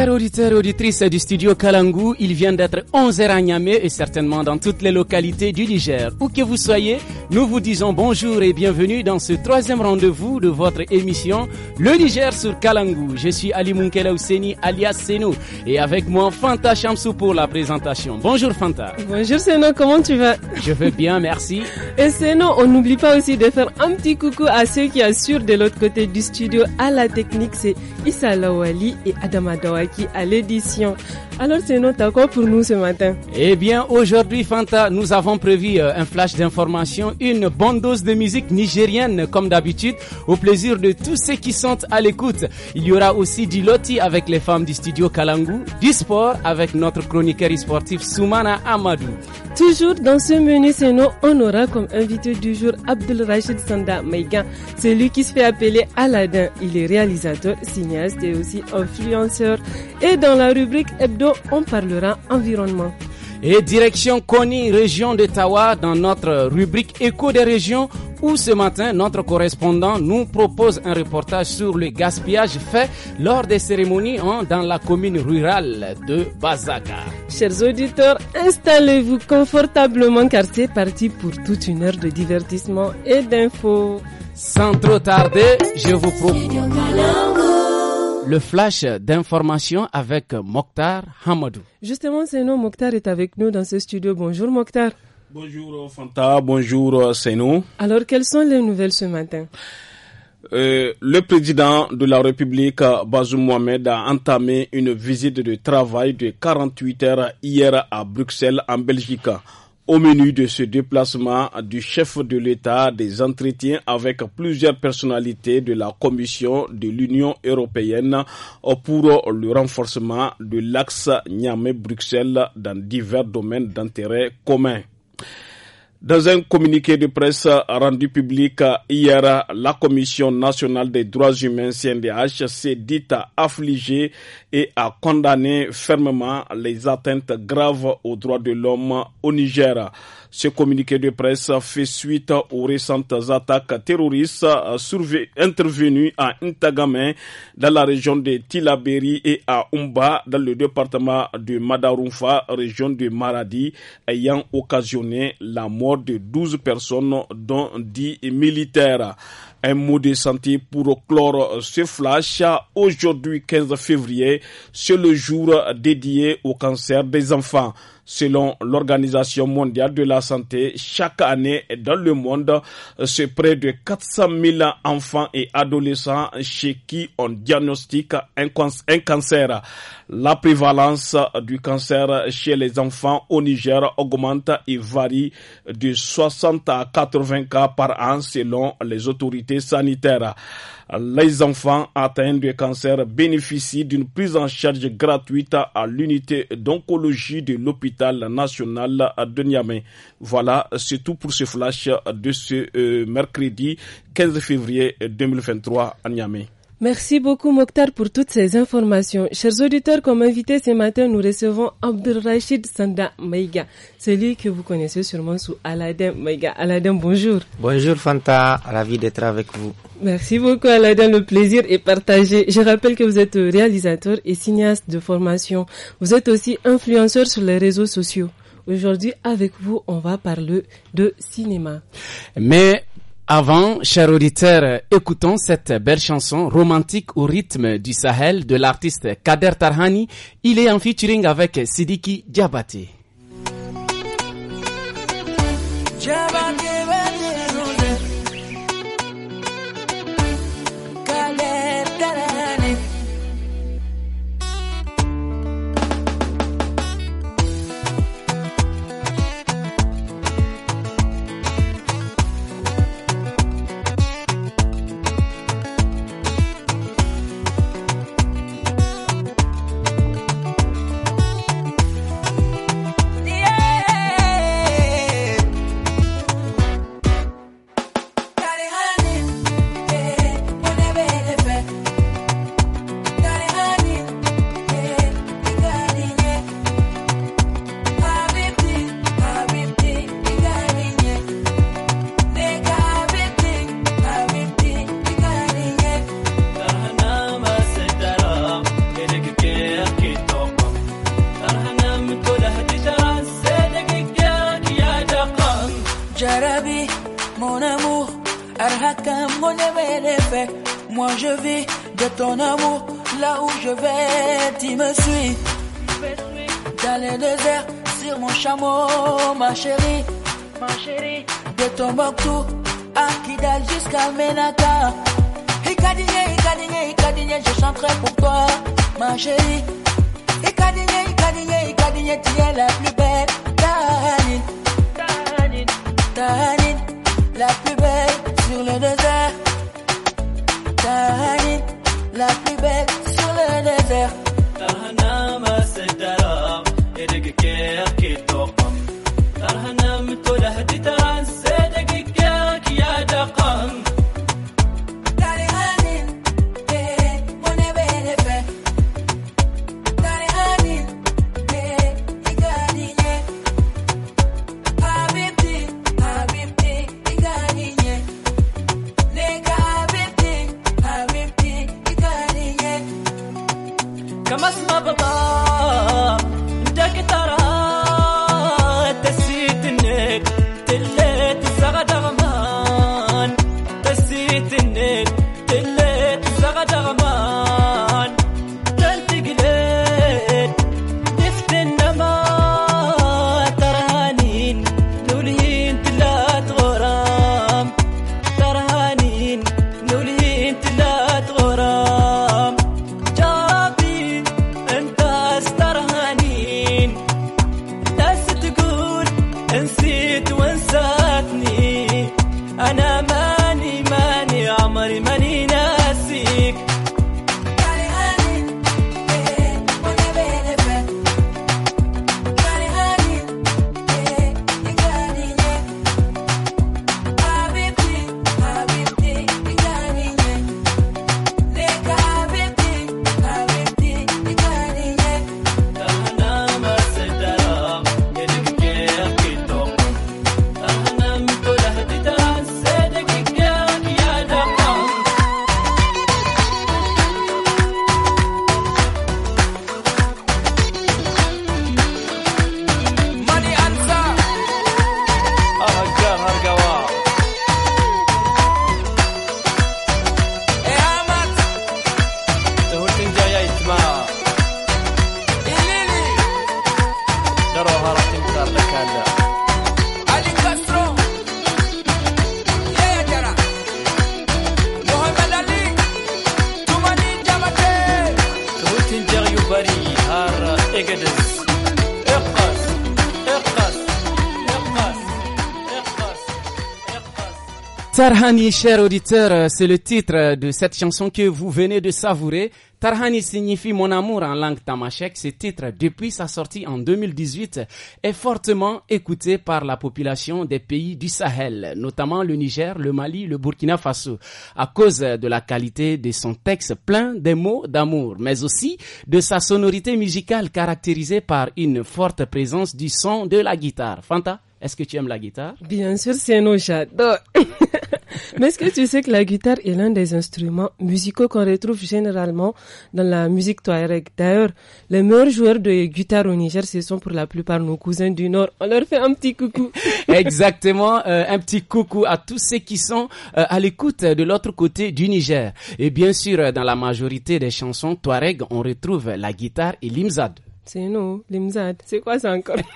Chers auditeurs et auditrices du studio Kalangu, il vient d'être 11h à Niamey et certainement dans toutes les localités du Niger. Où que vous soyez, nous vous disons bonjour et bienvenue dans ce troisième rendez-vous de votre émission Le Niger sur Kalangu. Je suis Ali Munkela Ouseni alias Seno et avec moi Fanta Chamsou pour la présentation. Bonjour Fanta. Bonjour Seno, comment tu vas Je vais bien, merci. Et Seno, on n'oublie pas aussi de faire un petit coucou à ceux qui assurent de l'autre côté du studio à la technique, c'est Issa Lawali et Adama Dawaki qui à l'édition alors c'est notre quoi pour nous ce matin Eh bien aujourd'hui Fanta, nous avons prévu euh, un flash d'information, une bonne dose de musique nigérienne comme d'habitude, au plaisir de tous ceux qui sont à l'écoute. Il y aura aussi du loti avec les femmes du studio Kalangu, du sport avec notre chroniqueur sportif Soumana Amadou. Toujours dans ce menu nous on aura comme invité du jour Abdel Rachid Sanda Maïga, celui qui se fait appeler Aladdin. Il est réalisateur, cinéaste et aussi influenceur. Et dans la rubrique hebdo on parlera environnement. Et direction Koni, région d'Ottawa, dans notre rubrique Écho des régions, où ce matin, notre correspondant nous propose un reportage sur le gaspillage fait lors des cérémonies dans la commune rurale de Bazaga. Chers auditeurs, installez-vous confortablement car c'est parti pour toute une heure de divertissement et d'infos. Sans trop tarder, je vous propose... Le flash d'information avec Mokhtar Hamadou. Justement, nous. Mokhtar est avec nous dans ce studio. Bonjour Mokhtar. Bonjour Fanta, bonjour euh, Seno. Alors, quelles sont les nouvelles ce matin euh, le président de la République, euh, Bazoum Mohamed, a entamé une visite de travail de 48 heures hier à Bruxelles, en Belgique. Au menu de ce déplacement du chef de l'État, des entretiens avec plusieurs personnalités de la Commission de l'Union européenne pour le renforcement de l'axe Niamey-Bruxelles dans divers domaines d'intérêt commun. Dans un communiqué de presse rendu public hier, la Commission nationale des droits humains CNDH s'est dite affligée et a condamné fermement les atteintes graves aux droits de l'homme au Niger. Ce communiqué de presse fait suite aux récentes attaques terroristes euh, intervenues à Intagamé dans la région de Tilaberi et à Umba dans le département de Madarumfa, région de Maradi, ayant occasionné la mort de 12 personnes dont 10 militaires. Un mot de santé pour clore ce flash. Aujourd'hui 15 février, c'est le jour dédié au cancer des enfants. Selon l'Organisation mondiale de la santé, chaque année dans le monde, c'est près de 400 000 enfants et adolescents chez qui on diagnostique un, cancer. La prévalence du cancer chez les enfants au Niger augmente et varie de 60 à 80 cas par an selon les autorités sanitaires. Les enfants atteints de cancer bénéficient d'une prise en charge gratuite à l'unité d'oncologie de l'hôpital national de Niamey. Voilà, c'est tout pour ce flash de ce euh, mercredi 15 février 2023 à Niamey. Merci beaucoup Mokhtar pour toutes ces informations. Chers auditeurs, comme invité ce matin, nous recevons Abdelrachid Sanda Maïga, celui que vous connaissez sûrement sous Aladin Maïga. Aladin, bonjour. Bonjour Fanta, ravi d'être avec vous. Merci beaucoup Aladin, le plaisir est partagé. Je rappelle que vous êtes réalisateur et cinéaste de formation. Vous êtes aussi influenceur sur les réseaux sociaux. Aujourd'hui, avec vous, on va parler de cinéma. Mais avant, chers auditeurs, écoutons cette belle chanson romantique au rythme du Sahel de l'artiste Kader Tarhani. Il est en featuring avec Sidiki Diabaté. le désert sur mon chameau, ma chérie, ma chérie. De Tomoktu à Kidal jusqu'à Menaka. Ikadigné, Ikadigné, Ikadigné, je chanterai pour toi, ma chérie. Ikadigné, Ikadigné, Ikadigné, tu es la plus belle. Tahanine, Tahanine, Tahanin la plus belle sur le désert. Tahanine, la plus belle sur le désert. Tahanama, c'est كي توقم ترهنا متو لهدتا Tarhani, cher auditeur, c'est le titre de cette chanson que vous venez de savourer. Tarhani signifie mon amour en langue tamashek. Ce titre, depuis sa sortie en 2018, est fortement écouté par la population des pays du Sahel, notamment le Niger, le Mali, le Burkina Faso, à cause de la qualité de son texte plein des mots d'amour, mais aussi de sa sonorité musicale caractérisée par une forte présence du son de la guitare. Fanta? Est-ce que tu aimes la guitare Bien sûr, c'est un j'adore. Mais est-ce que tu sais que la guitare est l'un des instruments musicaux qu'on retrouve généralement dans la musique touareg D'ailleurs, les meilleurs joueurs de guitare au Niger, ce sont pour la plupart nos cousins du Nord. On leur fait un petit coucou. Exactement, euh, un petit coucou à tous ceux qui sont euh, à l'écoute de l'autre côté du Niger. Et bien sûr, euh, dans la majorité des chansons touareg, on retrouve la guitare et l'imzad. C'est nous, l'imzad. C'est quoi ça encore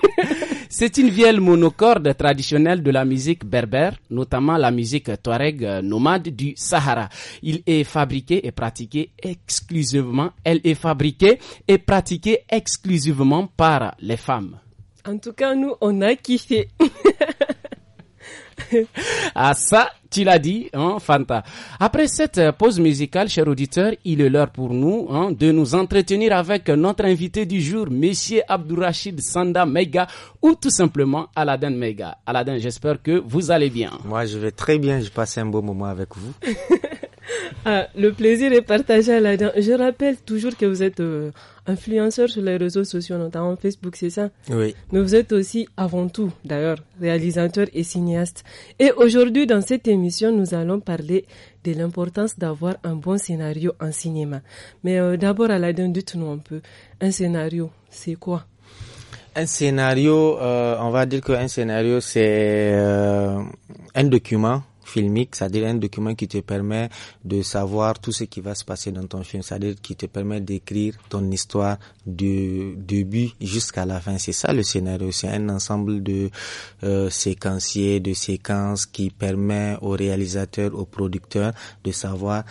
C'est une vieille monocorde traditionnelle de la musique berbère, notamment la musique touareg euh, nomade du Sahara. Il est fabriqué et pratiqué exclusivement, elle est fabriquée et pratiquée exclusivement par les femmes. En tout cas, nous, on a kiffé. ah ça, tu l'as dit, hein, Fanta. Après cette euh, pause musicale, chers auditeurs, il est l'heure pour nous hein, de nous entretenir avec notre invité du jour, Monsieur Abdourachid Sanda Mega, ou tout simplement Aladdin Mega. Aladdin, j'espère que vous allez bien. Moi, je vais très bien. Je passe un beau moment avec vous. Ah, le plaisir est partagé à la Je rappelle toujours que vous êtes euh, influenceur sur les réseaux sociaux, notamment Facebook, c'est ça Oui. Mais vous êtes aussi, avant tout, d'ailleurs, réalisateur et cinéaste. Et aujourd'hui, dans cette émission, nous allons parler de l'importance d'avoir un bon scénario en cinéma. Mais euh, d'abord, Aladin, dites-nous un peu. Un scénario, c'est quoi un scénario, euh, on va dire qu'un scénario, c'est un document filmique, c'est-à-dire un document qui te permet de savoir tout ce qui va se passer dans ton film, c'est-à-dire qui te permet d'écrire ton histoire du début jusqu'à la fin. C'est ça le scénario, c'est un ensemble de euh, séquenciers, de séquences qui permet au réalisateur, au producteur de savoir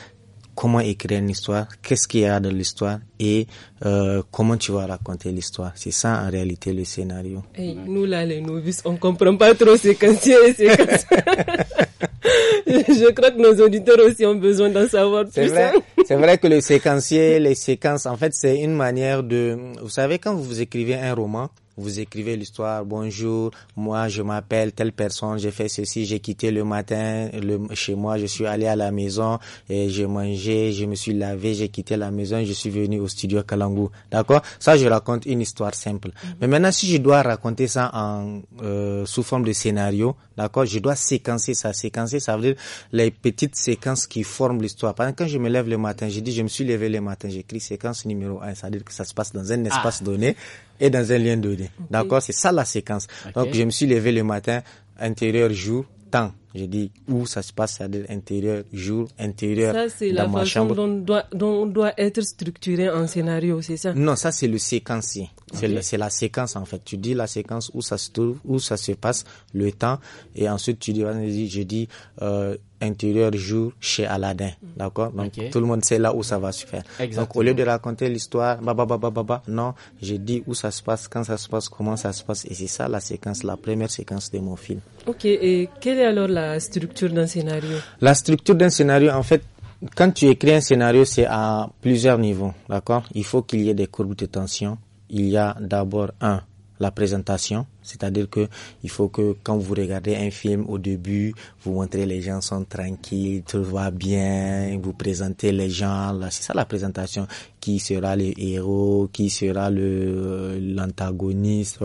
comment écrire une histoire, qu'est-ce qu'il y a dans l'histoire et euh, comment tu vas raconter l'histoire. C'est ça en réalité le scénario. Eh, nous là, les novices, on comprend pas trop séquencier et Je crois que nos auditeurs aussi ont besoin d'en savoir plus. Hein. C'est vrai, que le séquencier, les séquences, en fait, c'est une manière de... Vous savez, quand vous écrivez un roman, vous écrivez l'histoire, bonjour, moi je m'appelle telle personne, j'ai fait ceci, j'ai quitté le matin le, chez moi, je suis allé à la maison et j'ai mangé, je me suis lavé, j'ai quitté la maison, je suis venu au studio Kalangu. D'accord Ça, je raconte une histoire simple. Mhm. Mais maintenant, si je dois raconter ça en euh, sous forme de scénario, d'accord Je dois séquencer ça. Séquencer, ça veut dire les petites séquences qui forment l'histoire. Par exemple, quand je me lève le matin, je dis je me suis levé le matin, j'écris séquence numéro un. Ça veut dire que ça se passe dans un espace ah. donné et dans un lien donné. D'accord C'est ça la séquence. Donc, je me suis levé le matin, intérieur, jour, temps. Je dis où ça se passe, c'est-à-dire intérieur, jour, intérieur. Ça, c'est la façon chambre. Dont, doit, dont on doit être structuré en scénario, c'est ça Non, ça, c'est le séquencier. C'est la séquence, en fait. Tu dis la séquence où ça se trouve, où ça se passe, le temps. Et ensuite, tu dis, je dis, euh, intérieur jour chez Aladdin. Mm. D'accord Donc tout le monde sait là où ça va se faire. Donc au lieu de raconter l'histoire, non, j'ai dit où ça se passe, quand ça se passe, comment ça se passe. Et c'est ça la séquence, la première séquence de mon film. Ok, et quelle est alors la structure d'un scénario La structure d'un scénario, en fait, quand tu écris un scénario, c'est à plusieurs niveaux. D'accord Il faut qu'il y ait des courbes de tension. Il y a d'abord un, la présentation, c'est-à-dire que il faut que quand vous regardez un film au début, vous montrez les gens sont tranquilles, tout va bien, vous présentez les gens, là c'est ça la présentation, qui sera le héros, qui sera le euh, l'antagoniste,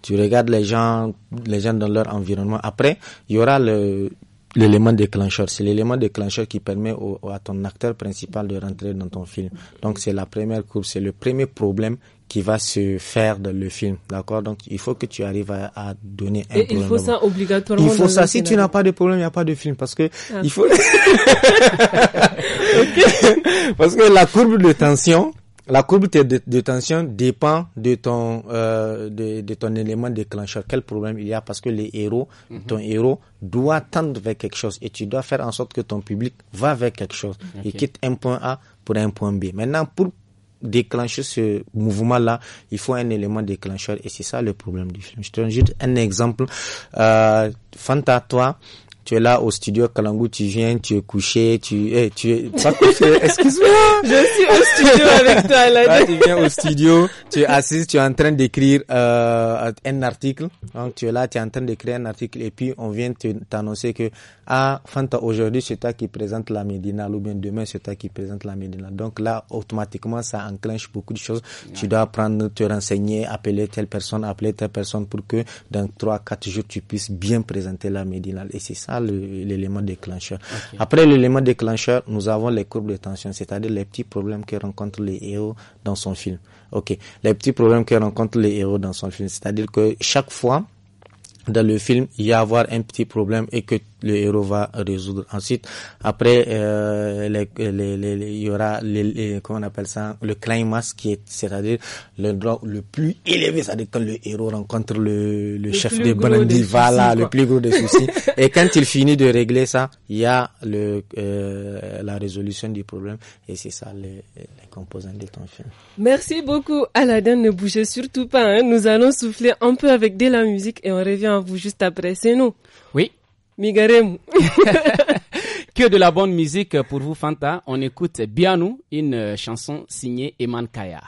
tu regardes les gens, les gens dans leur environnement. Après, il y aura le l'élément déclencheur. C'est l'élément déclencheur qui permet au, à ton acteur principal de rentrer dans ton film. Donc c'est la première courbe, c'est le premier problème qui va se faire dans le film, d'accord Donc, il faut que tu arrives à, donner un Et il faut ça obligatoirement. Il faut ça. Si tu n'as pas de problème, il n'y a pas de film parce que ah. il faut. parce que la courbe de tension, la courbe de, tension dépend de ton euh, de, ton élément déclencheur. Quel problème il y a Parce que les héros, mhm. ton héros doit tendre vers quelque chose et tu dois faire en sorte que ton public va vers quelque chose. Il quitte un point A pour un point B. Maintenant, pour déclencher ce mouvement-là, il faut un élément déclencheur et c'est ça le problème du film. Je te donne juste un exemple. Euh, tu es là au studio Kalangu, tu viens, tu es couché, tu, es, eh, tu es pas couché, euh, excuse-moi. Je suis au studio avec toi, là. Ah, tu viens au studio, tu es assis, tu es en train d'écrire euh, un article. Donc tu es là, tu es en train d'écrire un article et puis on vient t'annoncer que ah Fanta aujourd'hui c'est toi qui présente la Médina ou bien demain c'est toi qui présente la Médina. Donc là automatiquement ça enclenche beaucoup de choses. Tu dois prendre, te renseigner, appeler telle personne, appeler telle personne pour que dans trois quatre jours tu puisses bien présenter la Médina et c'est ça l'élément déclencheur. Après l'élément déclencheur, nous avons les courbes de tension, c'est-à-dire les petits problèmes que rencontrent les héros dans son film. Ok, les petits problèmes que rencontrent les héros dans son film, c'est-à-dire que chaque fois dans le film, il y a avoir un petit problème et que le héros va résoudre. Ensuite, après, euh, les, les, il y aura les, comment on appelle ça, le climax qui est, c'est-à-dire le droit le plus élevé, c'est-à-dire quand le héros rencontre le, le chef de bandits, va là, le plus gros des soucis. et quand il finit de régler ça, il y a le, euh, la résolution du problème et c'est ça les, composants de ton film. Merci beaucoup, Aladdin. Ne bougez surtout pas. Hein. Nous allons souffler un peu avec de la musique et on revient à vous juste après. C'est nous. Oui. que de la bonne musique pour vous, Fanta. On écoute bien une chanson signée Eman Kaya.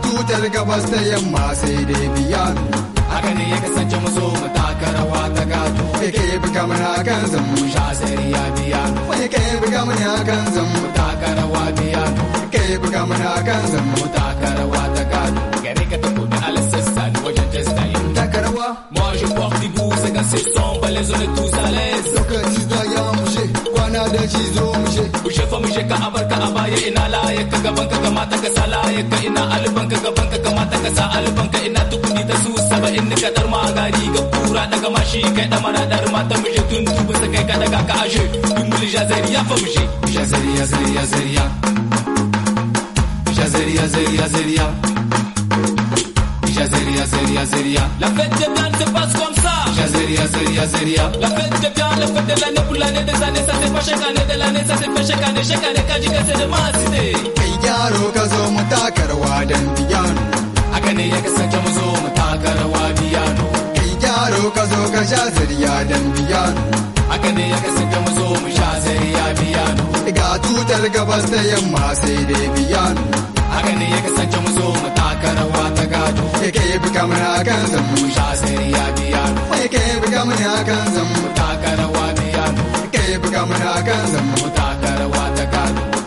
tutar gabas da yamma sai dai biyanu haka ne ya kasance muso mu taka rawa ta gato ya ke bi kamar hakan zan mu sha sariya biyanu ya ke bi kamar hakan zan mu taka rawa biyanu ya ke bi kamar hakan zan mu taka rawa ta gato gare ka ta kudu alasassa ni wajen jesta yin taka rawa moi je porte des goûts c'est cassé sans balais on est tous à l'aise da shi zo mu she ku shefa mu she ka ina ka gaban ka kamata ka sa ka ina alban ka gaban ka kamata ka sa alban ka ina tukuni su ka dar ga kura daga mashi kai da dar mata mu she tun ta kai ka daga ka ashe fa mu she zariya zariya zariya zariya Seria, seria, seria. La fête c'est bien, se passe comme ça. Seria, seria, seria. La fête c'est bien, la fête de l'année pour l'année des années. Ça c'est pas chaque année de l'année, ça c'est pas chaque année. Chaque année, quand je casse de masse. Kai yaro kazo zo mu taka rawa dan ya kasance mu zo mu taka rawa biyano. Kai yaro ka zo seria dan biyano. Haka ya kasance mu zo mu sha seria biyano. Ga tutar gabas da yamma sai dai haka ne ya kasance mu zo mu taka rawa ta gado yake yi buka mana akan zan mu sha sai ya biya yake yi buka mana akan zan mu taka rawa biya yake yi buka mana akan zan mu taka rawa ta gado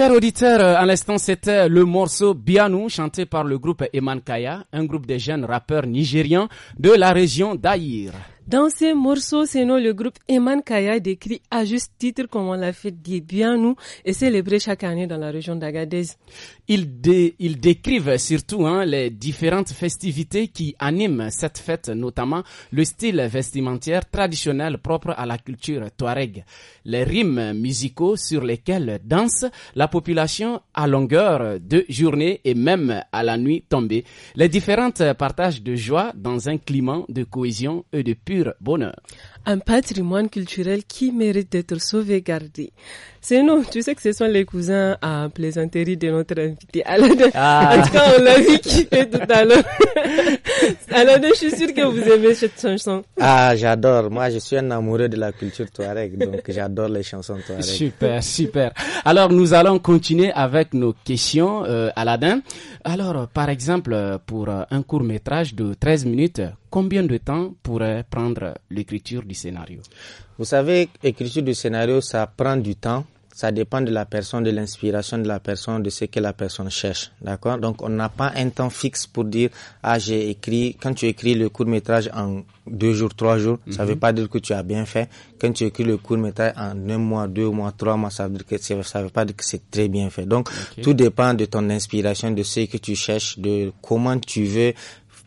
Chers auditeurs, à l'instant, c'était le morceau Bianou, chanté par le groupe Eman Kaya, un groupe de jeunes rappeurs nigérians de la région d'Aïr. Dans ces morceaux, sinon le groupe Eman Kaya décrit à juste titre comment la fête dit bien nous est célébrée chaque année dans la région d'Agadez. Ils, décrivent surtout hein, les différentes festivités qui animent cette fête, notamment le style vestimentaire traditionnel propre à la culture touareg, les rimes musicaux sur lesquels danse la population à longueur de journée et même à la nuit tombée, les différentes partages de joie dans un climat de cohésion et de pure un patrimoine culturel qui mérite d'être sauvegardé. C'est nous. Tu sais que ce sont les cousins à plaisanterie de notre invité Aladin. Ah. En tout cas, on l'a vu kiffer tout à l'heure. Aladin, je suis sûr que vous aimez cette chanson. Ah, j'adore. Moi, je suis un amoureux de la culture touareg, donc j'adore les chansons touareg. Super, super. Alors, nous allons continuer avec nos questions, Aladin. Euh, Aladdin. Alors, par exemple, pour un court métrage de 13 minutes, combien de temps pourrait prendre l'écriture du scénario vous savez, écriture du scénario, ça prend du temps. Ça dépend de la personne, de l'inspiration de la personne, de ce que la personne cherche. D'accord Donc, on n'a pas un temps fixe pour dire Ah, j'ai écrit. Quand tu écris le court métrage en deux jours, trois jours, ça ne mhm. veut pas dire que tu as bien fait. Quand tu écris le court métrage en un mois, deux mois, trois mois, ça ne veut pas dire que c'est très bien fait. Donc, tout dépend de ton inspiration, de ce que tu cherches, de comment tu veux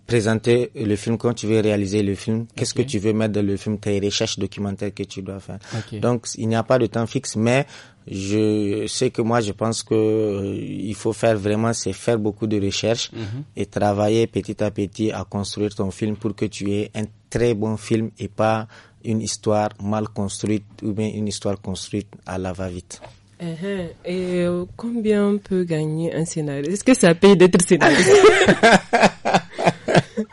présenter le film, quand tu veux réaliser le film, qu'est-ce que tu veux mettre dans le film, tes recherches documentaires que tu dois faire. Donc, il n'y a pas de temps fixe, mais je sais que moi, je pense que euh, il faut faire vraiment, c'est faire beaucoup de recherches mhm. et travailler petit à petit à construire ton film pour que tu aies un très bon film et pas une histoire mal construite ou bien une histoire construite à la va-vite. Uh-huh. Et euh, combien on peut gagner un scénario Est-ce que ça paye d'être scénariste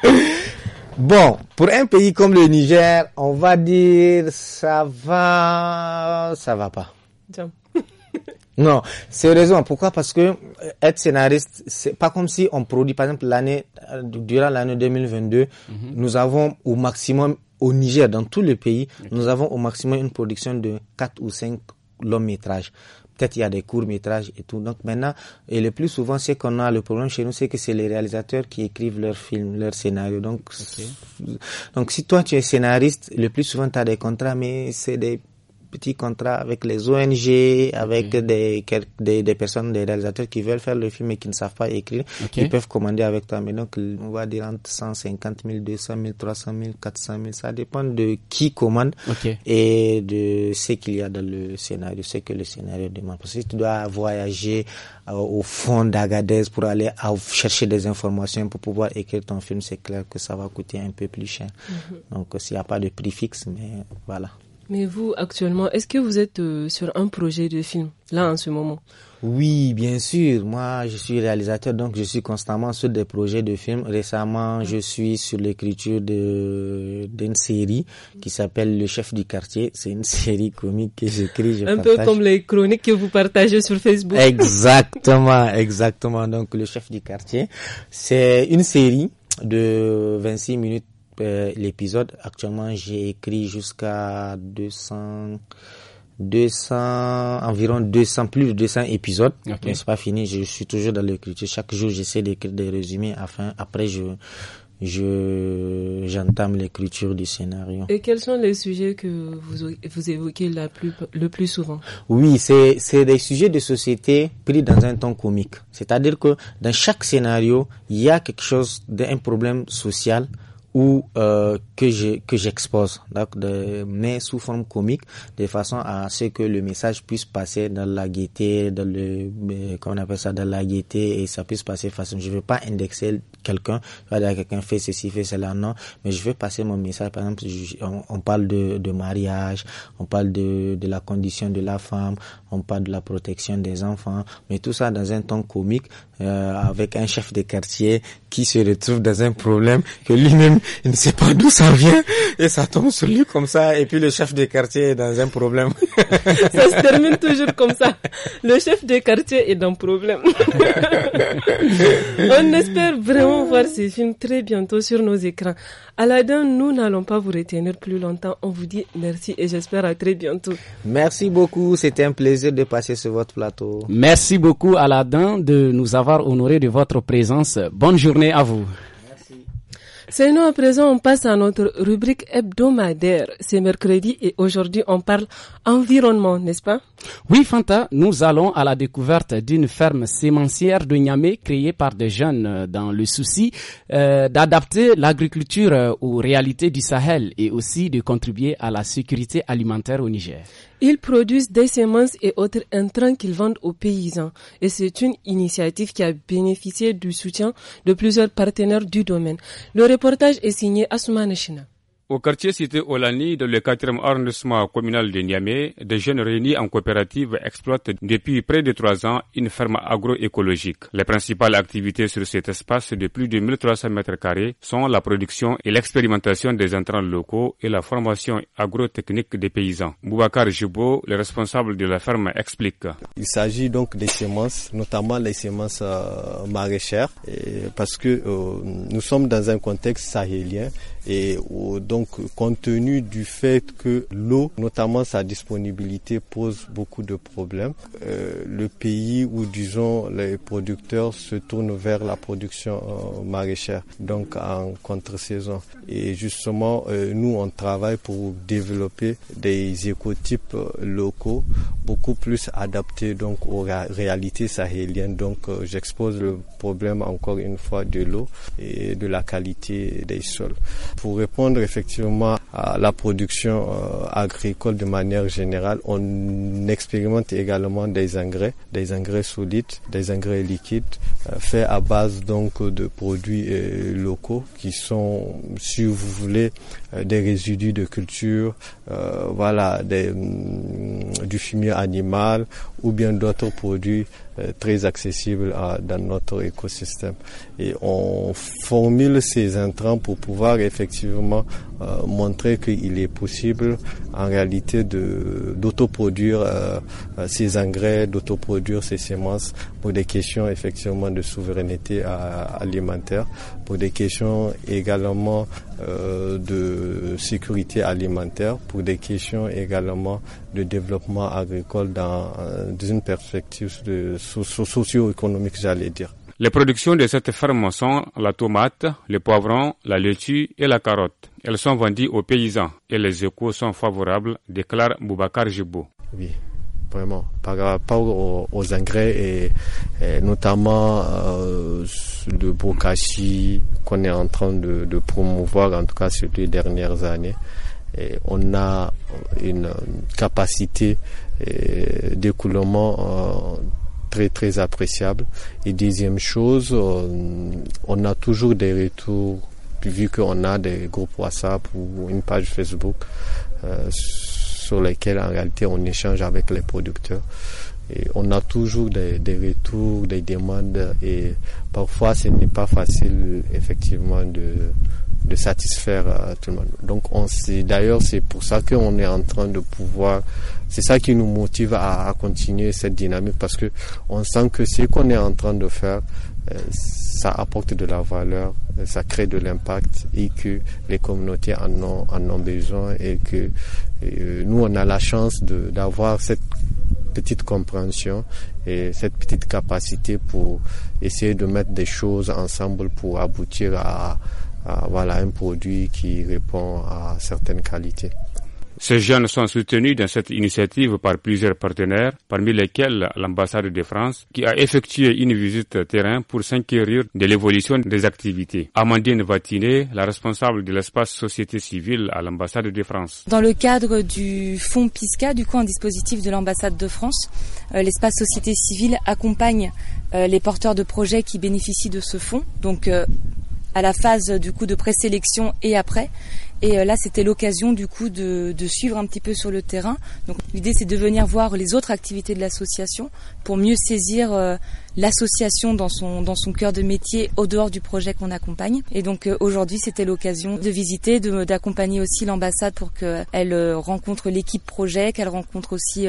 Bon, pour un pays comme le Niger, on va dire ça va, ça va pas. non, c'est raison. pourquoi Parce que euh, être scénariste, c'est pas comme si on produit, par exemple, l'année, euh, durant l'année 2022, mhm. nous avons au maximum, au Niger, dans tous les pays, nous avons au maximum une production de 4 ou 5 longs métrages. Peut-être il y a des courts-métrages et tout. Donc maintenant, et le plus souvent, c'est qu'on a le problème chez nous, c'est que c'est les réalisateurs qui écrivent leurs films, leurs scénarios. Donc, donc si toi tu es scénariste, le plus souvent tu as des contrats, mais c'est des Petit contrat avec les ONG, avec des, des, personnes, des réalisateurs qui veulent faire le film et qui ne savent pas écrire, Ils qui peuvent commander avec toi. Mais donc, on va dire entre 150 000, 200 000, 300 000, 400 000. Ça dépend de qui commande et de ce qu'il y a dans le scénario, ce que le scénario demande. Parce que tu dois voyager euh, au fond d'Agadez pour aller chercher des informations pour pouvoir écrire ton film, c'est clair que ça va coûter un peu plus cher. Mhm. Donc, s'il n'y a pas de prix fixe, mais voilà. Mais vous, actuellement, est-ce que vous êtes euh, sur un projet de film, là, en ce moment Oui, bien sûr. Moi, je suis réalisateur, donc je suis constamment sur des projets de films. Récemment, je suis sur l'écriture d'une série qui s'appelle Le chef du quartier. C'est une série comique que j'écris. un peu comme les chroniques que vous partagez sur Facebook. Exactement, exactement. Donc, Le chef du quartier, c'est une série de 26 minutes euh, l'épisode. Actuellement, j'ai écrit jusqu'à 200, 200, environ 200, plus de 200 épisodes. Mais Mais c'est pas fini. Je suis toujours dans l'écriture. Chaque jour, j'essaie d'écrire des résumés afin, après, je, je j'entame l'écriture du scénario. Et quels sont les sujets que vous vous évoquez le plus souvent Oui, c'est c'est des sujets de société pris dans un ton comique. C'est-à-dire que dans chaque scénario, il y a quelque chose d'un problème social ou euh, que je que j'expose mais sous forme comique de façon à ce que le message puisse passer dans la gaieté dans le euh, comment on appelle ça dans la gaieté et ça puisse passer façon je veux pas indexer quelqu'un quelqu'un fait ceci fait cela non mais je veux passer mon message par exemple on, parle de, de mariage on parle de de la condition de la femme on parle de la protection des enfants mais tout ça dans un ton comique euh, avec un chef de quartier qui se retrouve dans un problème que lui-même il ne sait pas d'où ça vient et ça tombe sur lui comme ça et puis le chef de quartier est dans un problème. ça se termine toujours comme ça. Le chef de quartier est dans un problème. On espère vraiment voir ces films très bientôt sur nos écrans. Aladdin, nous n'allons pas vous retenir plus longtemps. On vous dit merci et j'espère à très bientôt. Merci beaucoup. C'était un plaisir de passer sur votre plateau. Merci beaucoup, Aladdin, de nous avoir honoré de votre présence. Bonne journée à vous. C'est nous à présent, on passe à notre rubrique hebdomadaire. C'est mercredi et aujourd'hui, on parle environnement, n'est-ce pas Oui, Fanta, nous allons à la découverte d'une ferme sémencière de Niamey créée par des jeunes euh, dans le souci euh, d'adapter l'agriculture euh, aux réalités du Sahel et aussi de contribuer à la sécurité alimentaire au Niger. Ils produisent des semences et autres intrants qu'ils vendent aux paysans. Et c'est une initiative qui a bénéficié du soutien de plusieurs partenaires du domaine. Le reportage est signé à Nashina. Au quartier cité Olani, dans le 4e arrondissement communal de Niamey, des jeunes réunis en coopérative exploitent depuis près de trois ans une ferme agroécologique. Les principales activités sur cet espace de plus de 1300 m2 sont la production et l'expérimentation des entrants locaux et la formation agrotechnique des paysans. Boubacar Jibo, le responsable de la ferme, explique. Il s'agit donc des semences, notamment les semences euh, maraîchères, parce que euh, nous sommes dans un contexte sahélien et donc, compte tenu du fait que l'eau, notamment sa disponibilité, pose beaucoup de problèmes, euh, le pays ou disons les producteurs se tournent vers la production maraîchère, donc en contre-saison. Et justement, euh, nous, on travaille pour développer des écotypes euh, locaux beaucoup plus adaptés donc aux réalités sahéliennes. Donc, euh, j'expose le problème encore une fois de l'eau et de la qualité des sols. Pour répondre effectivement à la production euh, agricole de manière générale, on expérimente également des engrais, des engrais solides, des engrais liquides, euh, faits à base donc de produits euh, locaux qui sont, si vous voulez, euh, des résidus de culture, euh, voilà, mm, du fumier animal ou bien d'autres produits euh, très accessibles à, dans notre écosystème. Et on formule ces intrants pour pouvoir effectivement euh, montrer qu'il est possible en réalité de d'autoproduire ces engrais, d'autoproduire ces semences pour des questions effectivement de souveraineté alimentaire, pour des questions également euh, de sécurité alimentaire, pour des questions également de développement agricole dans, euh, une perspective socio-économique, j'allais dire. Les productions de cette ferme sont la tomate, le poivron, la laitue et la carotte. Elles sont vendues aux paysans et les échos sont favorables, déclare Boubacar Jibou. Oui, vraiment, par rapport aux, ingrédients et, notamment euh, le brocashi qu'on est en train de, promouvoir, en tout cas ces deux dernières années. on a une capacité euh, d'écoulement euh, très très appréciable. Et deuxième chose, on a toujours des retours, vu qu'on a des groupes WhatsApp ou une page Facebook sur lesquels en réalité on échange avec les producteurs. Et on a toujours des, retours, des demandes et parfois ce n'est pas facile effectivement de, de satisfaire euh, tout le monde. Donc on d'ailleurs c'est pour ça qu'on est en train de pouvoir, c'est ça qui nous motive à, continuer cette dynamique parce que on sent que ce qu'on est en train de faire, euh, ça apporte de la valeur, ça crée de l'impact et que les communautés en en ont besoin et que euh, nous, on a la chance d'avoir cette petite compréhension et cette petite capacité pour essayer de mettre des choses ensemble pour aboutir à, à voilà, un produit qui répond à certaines qualités. Ces jeunes sont soutenus dans cette initiative par plusieurs partenaires, parmi lesquels l'ambassade de France, qui a effectué une visite terrain pour s'inquérir de l'évolution des activités. Amandine Vatinet, la responsable de l'espace société civile à l'ambassade de France. Dans le cadre du fonds PISCA, du coup un dispositif de l'ambassade de France, euh, l'espace société civile accompagne euh, les porteurs de projets qui bénéficient de ce fonds. Donc euh, à la phase du coup de présélection et après. Et euh, là, c'était l'occasion du coup de, suivre un petit peu sur le terrain. Donc l'idée, c'est de venir voir les autres activités de l'association pour mieux saisir euh, l'association dans son dans son cœur de métier au dehors du projet qu'on accompagne. Et donc euh, aujourd'hui, c'était l'occasion de visiter, d'accompagner aussi l'ambassade pour qu'elle rencontre l'équipe projet, qu'elle rencontre aussi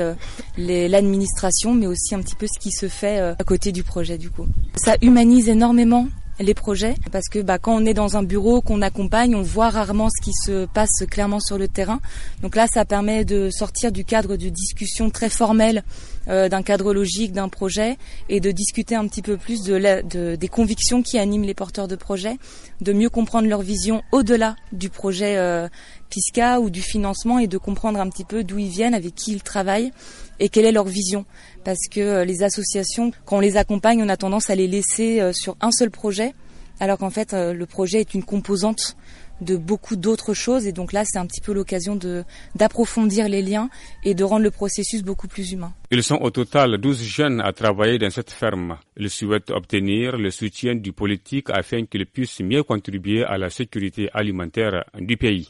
l'administration, mais aussi un petit peu ce qui se fait à côté du projet du coup. Ça humanise énormément les projets parce que bah, quand on est dans un bureau, qu'on accompagne, on voit rarement ce qui se passe clairement sur le terrain. Donc là, ça permet de sortir du cadre de discussion très formelle, euh, d'un cadre logique, d'un projet, et de discuter un petit peu plus des convictions qui animent les porteurs de projets, de mieux comprendre leur vision au-delà du projet euh, PISCA ou du financement et de comprendre un petit peu d'où ils viennent, avec qui ils travaillent et quelle est leur vision. Parce que euh, les associations, quand on les accompagne, on a tendance à les laisser euh, sur un seul projet, alors qu'en fait euh, le projet est une composante de beaucoup d'autres choses. Et donc là, c'est un petit peu l'occasion d'approfondir les liens et de rendre le processus beaucoup plus humain. Ils sont au total 12 jeunes à travailler dans cette ferme. Ils souhaitent obtenir le soutien du politique afin qu'ils puissent mieux contribuer à la sécurité alimentaire du pays.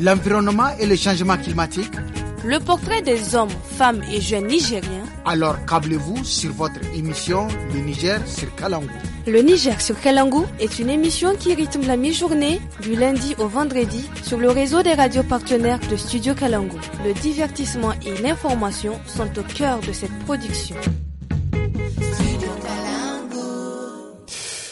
l'environnement et le changement climatique. Le portrait des hommes, femmes et jeunes nigériens. Alors câblez-vous sur votre émission Le Niger sur Kalango. Le Niger sur Kalango est une émission qui rythme la mi-journée du lundi au vendredi sur le réseau des radios partenaires de Studio Kalango. Le divertissement et l'information sont au cœur de cette production.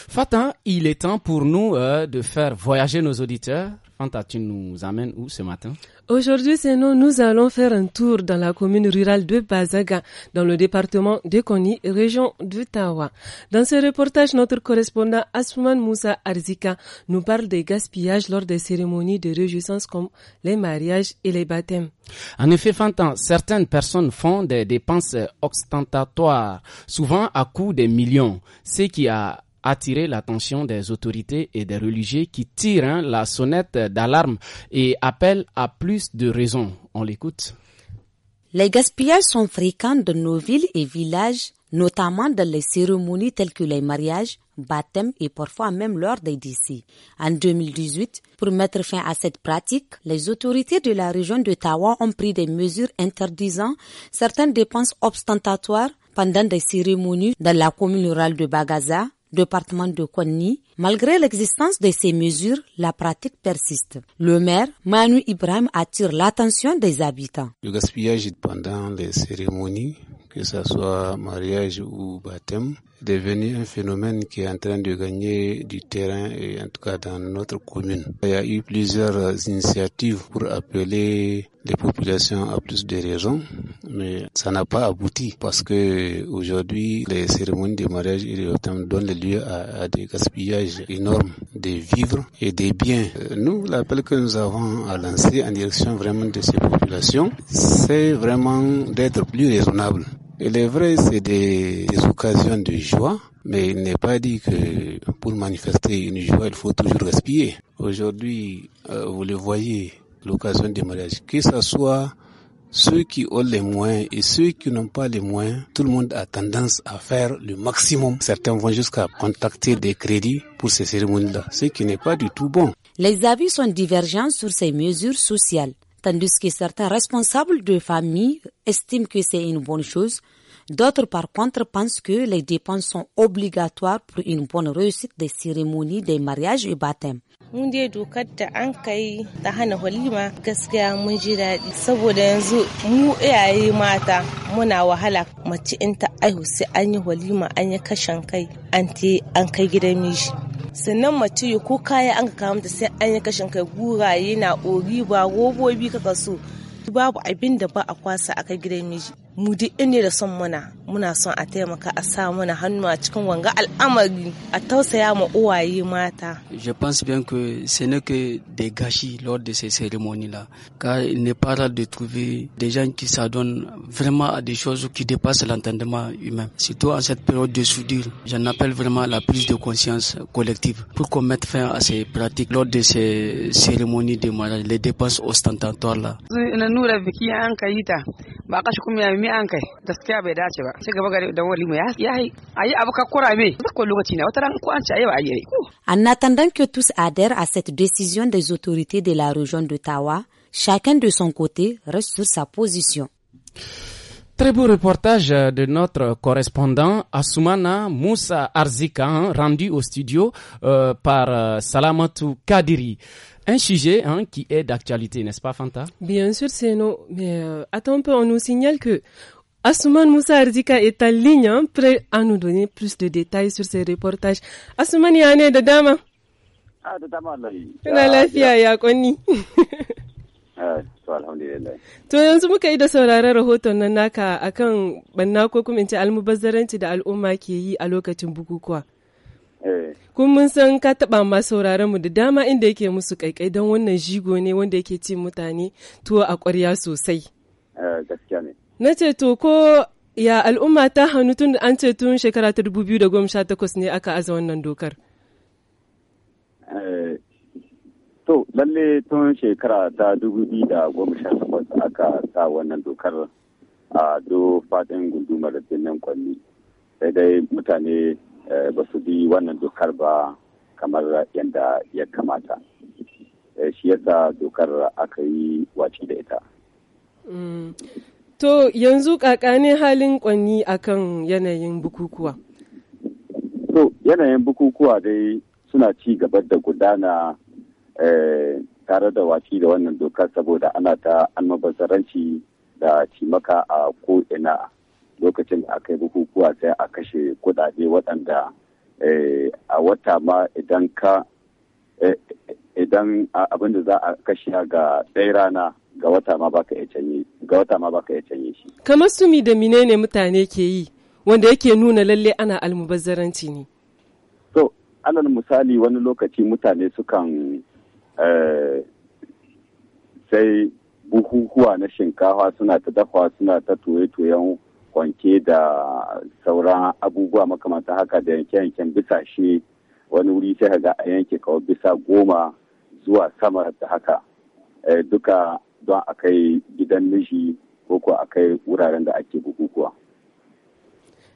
Fatin, il est temps pour nous euh, de faire voyager nos auditeurs Fanta, tu nous amènes où ce matin Aujourd'hui, c'est nous. Nous allons faire un tour dans la commune rurale de Bazaga, dans le département de Koni, région Tawa. Dans ce reportage, notre correspondant Asuman Moussa Arzika nous parle des gaspillages lors des cérémonies de réjouissance comme les mariages et les baptêmes. En effet, Fanta, certaines personnes font des dépenses ostentatoires, souvent à coût des millions, ce qui a attirer l'attention des autorités et des religieux qui tirent hein, la sonnette d'alarme et appellent à plus de raisons. On l'écoute. Les gaspillages sont fréquents dans nos villes et villages, notamment dans les cérémonies telles que les mariages, baptêmes et parfois même lors des décès. En 2018, pour mettre fin à cette pratique, les autorités de la région de Tawa ont pris des mesures interdisant certaines dépenses ostentatoires pendant des cérémonies dans la commune rurale de Bagaza, département de Konni, malgré l'existence de ces mesures, la pratique persiste. Le maire, Manu Ibrahim, attire l'attention des habitants. Le gaspillage pendant les cérémonies, que ce soit mariage ou baptême, devenu un phénomène qui est en train de gagner du terrain, et en tout cas dans notre commune. Il y a eu plusieurs initiatives pour appeler les populations à plus de raisons, mais ça n'a pas abouti parce que aujourd'hui les cérémonies de mariage et donnent lieu à, des gaspillages énormes des vivres et des biens. Nous, l'appel que nous avons à lancer en direction vraiment de ces populations, c'est vraiment d'être plus raisonnable il est vrai, c'est des, occasions de joie, mais il n'est pas dit que pour manifester une joie, il faut toujours respirer. Aujourd'hui, euh, vous le voyez, l'occasion des mariages, que ce soit ceux qui ont les moyens et ceux qui n'ont pas les moyens, tout le monde a tendance à faire le maximum. Certains vont jusqu'à contacter des crédits pour ces cérémonies-là, ce qui n'est pas du tout bon. Les avis sont divergents sur ces mesures sociales tandis que certains responsables de famille estiment que c'est une bonne chose. D'autres, par contre, pensent que les dépenses sont obligatoires pour une bonne réussite des cérémonies des mariages et baptêmes. mun dai dokar da an kai ta hana walima gaskiya mun ji daɗi saboda yanzu mu iyaye mata muna wahala mace in ta aihu sai an yi walima an yi kashen kai an te an kai gidan miji sannan mace ya ko kaya an ka mata sai an yi kashen kai guraye na ori ba robobi kaka so babu abin da ba a kwasa a kai gidan miji je pense bien que ce n'est que des gâchis lors de ces cérémonies là car il n'est pas rare de trouver des gens qui s'adonnent vraiment à des choses qui dépassent l'entendement humain surtout en cette période de soudure j'en appelle vraiment la prise de conscience collective pour qu'on mette fin à ces pratiques lors de ces cérémonies de mariage les dépenses ostentatoires là en attendant que tous adhèrent à cette décision des autorités de la région Tawa, chacun de son côté reste sur sa position. Très beau reportage de notre correspondant Asumana Moussa Arzika, hein, rendu au studio euh, par euh, Salamatu Kadiri. Un sujet hein, qui est d'actualité, n'est-ce pas, Fanta Bien sûr, c'est nous. Mais euh, attends un peu, on nous signale que Asuman Moussa Ardika est en ligne, hein, prêt à nous donner plus de détails sur ses reportages. Asuman a de Dama. Ah, de Dama, là. Ina lafiya ya kwanni. Ah, to yanzu muka yi da sauraron rahoton nan naka akan banna ko kuma in ce almubazzaranci da al'umma ke yi a lokacin bukukuwa. Eh. kun mun san ka taba ma sauraron mu da dama inda yake musu kaikai don wannan jigo ne wanda yake ci mutane tuwo a ƙwarya sosai. Eh, gaskiya ne. Na ce to ko ya al'umma ta hannu tun an ce tun shekara ta dubu biyu da goma sha takwas ne aka aza wannan dokar. Eh, to lalle tun shekara ta dubu biyu da goma sha takwas aka sa wannan dokar a do faɗin gundumar birnin kwanni. Sai dai mutane Eh, ba su bi wannan dokar ba kamar yadda ya kamata eh, shi yasa dokar aka yi waci da ita mm. to yanzu kakane halin kwanni akan yanayin bukukuwa to yanayin bukukuwa dai suna ci gaba da gudana eh, tare da waci da wannan dokar saboda ana ta almabazaranci da cimaka a ko'ina lokacin da aka yi bukukuwa sai a kashe kudade waɗanda eh, a wata ma idan ka eh, idan abin da za a kashe ga ɗaya rana ga wata ma baka ya canye ga wata ma baka canye shi kamar sumi da ne mutane ke yi wanda yake nuna lalle ana almubazzaranci ne to alal misali wani lokaci mutane sukan eh, sai bukukuwa na shinkafa suna ta dafa suna ta toye-toyen kwanke da sauran abubuwa makamanta haka da yanke-yanken shi wani wuri sai ga a yanke kawai bisa goma zuwa sama da haka eh, duka don a kai gidan miji ko ko a kai wuraren da ake bukukuwa.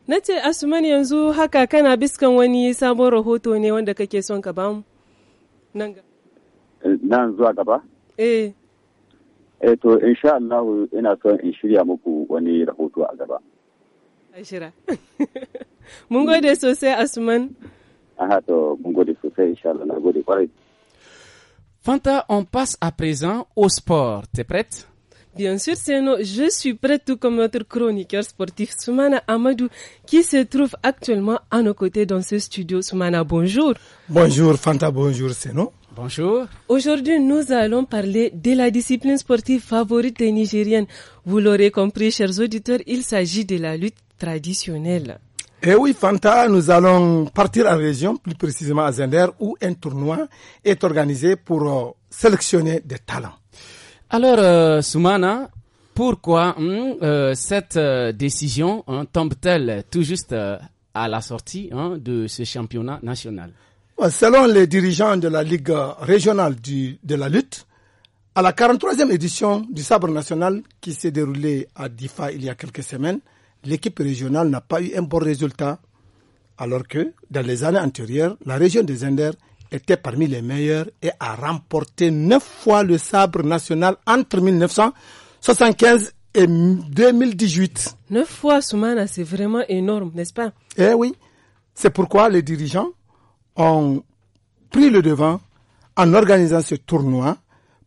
Na ce Asuman yanzu haka kana biskan wani sabon rahoto ne wanda kake son ka bamu? Nan eh, zuwa gaba? Eh. eh to insha Allah ina son in shirya muku wani rahoto a gaba ashira mun gode sosai Asman aha to mun gode sosai insha Allah na gode kwarai Fanta, on passe à présent au sport. T'es prête Bien sûr, Seno, je suis prête tout comme notre chroniqueur sportif Soumana Amadou qui se trouve actuellement à nos côtés dans ce studio. Soumana, bonjour. Bonjour Fanta, bonjour Seno. Bonjour. Aujourd'hui, nous allons parler de la discipline sportive favorite des Nigériennes. Vous l'aurez compris, chers auditeurs, il s'agit de la lutte traditionnelle. Eh oui, Fanta, nous allons partir en région, plus précisément à Zender, où un tournoi est organisé pour euh, sélectionner des talents. Alors, euh, Soumana, pourquoi hum, euh, cette décision hein, tombe-t-elle tout juste à la sortie hein, de ce championnat national Selon les dirigeants de la Ligue régionale du, de la lutte, à la 43e édition du sabre national qui s'est déroulée à Difa il y a quelques semaines, l'équipe régionale n'a pas eu un bon résultat, alors que dans les années antérieures, la région des Zender était parmi les meilleures et a remporté neuf fois le sabre national entre 1975 et 2018. Neuf fois, Soumana, c'est vraiment énorme, n'est-ce pas Eh oui, c'est pourquoi les dirigeants ont pris le devant en organisant ce tournoi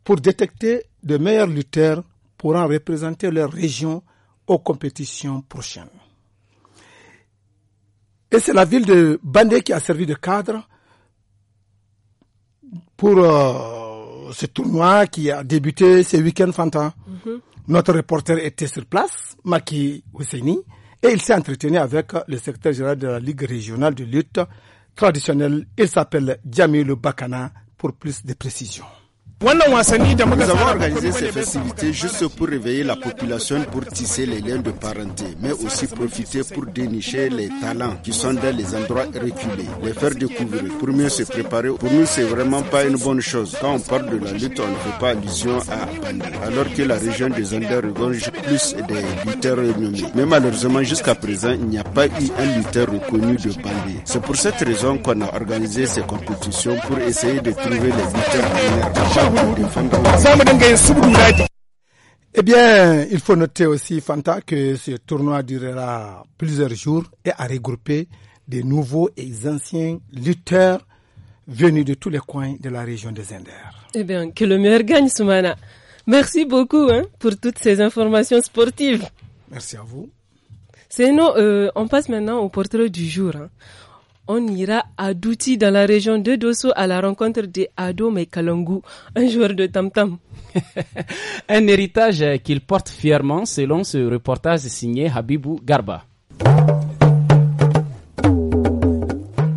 pour détecter de meilleurs lutteurs pour en représenter leur région aux compétitions prochaines. Et c'est la ville de Bandé qui a servi de cadre pour euh, ce tournoi qui a débuté ce week-end Fanta. Mhm. Notre reporter était sur place, Maki Ouseni, et il s'est entretenu avec le secrétaire général de la Ligue régionale de lutte Traditionnel, Il s'appelle Djamil Bakana pour plus de précisions. Nous avons organisé ces festivités juste pour réveiller la population, pour tisser les liens de parenté, mais aussi profiter pour dénicher les talents qui sont dans les endroits reculés, les faire découvrir, pour mieux se préparer. Pour nous, c'est vraiment pas une bonne chose. Quand on parle de la lutte, on ne fait pas allusion à Bandi, alors que la région des Andes regorge plus des lutteurs renommés. Mais malheureusement, jusqu'à présent, il n'y a pas eu un lutteur reconnu de Bandi. C'est pour cette raison qu'on a organisé ces compétitions pour essayer de trouver les lutteurs eh bien, il faut noter aussi, Fanta, que ce tournoi durera plusieurs jours et a regroupé des nouveaux et anciens lutteurs venus de tous les coins de la région des Indères. Eh bien, que le meilleur gagne, Soumana. Merci beaucoup hein, pour toutes ces informations sportives. Merci à vous. Sinon, euh, on passe maintenant au portrait du jour. Hein on ira à Douti dans la région de Dosso à la rencontre des Ado Mekalangu, un joueur de tam-tam. un héritage qu'il porte fièrement selon ce reportage signé Habibou Garba.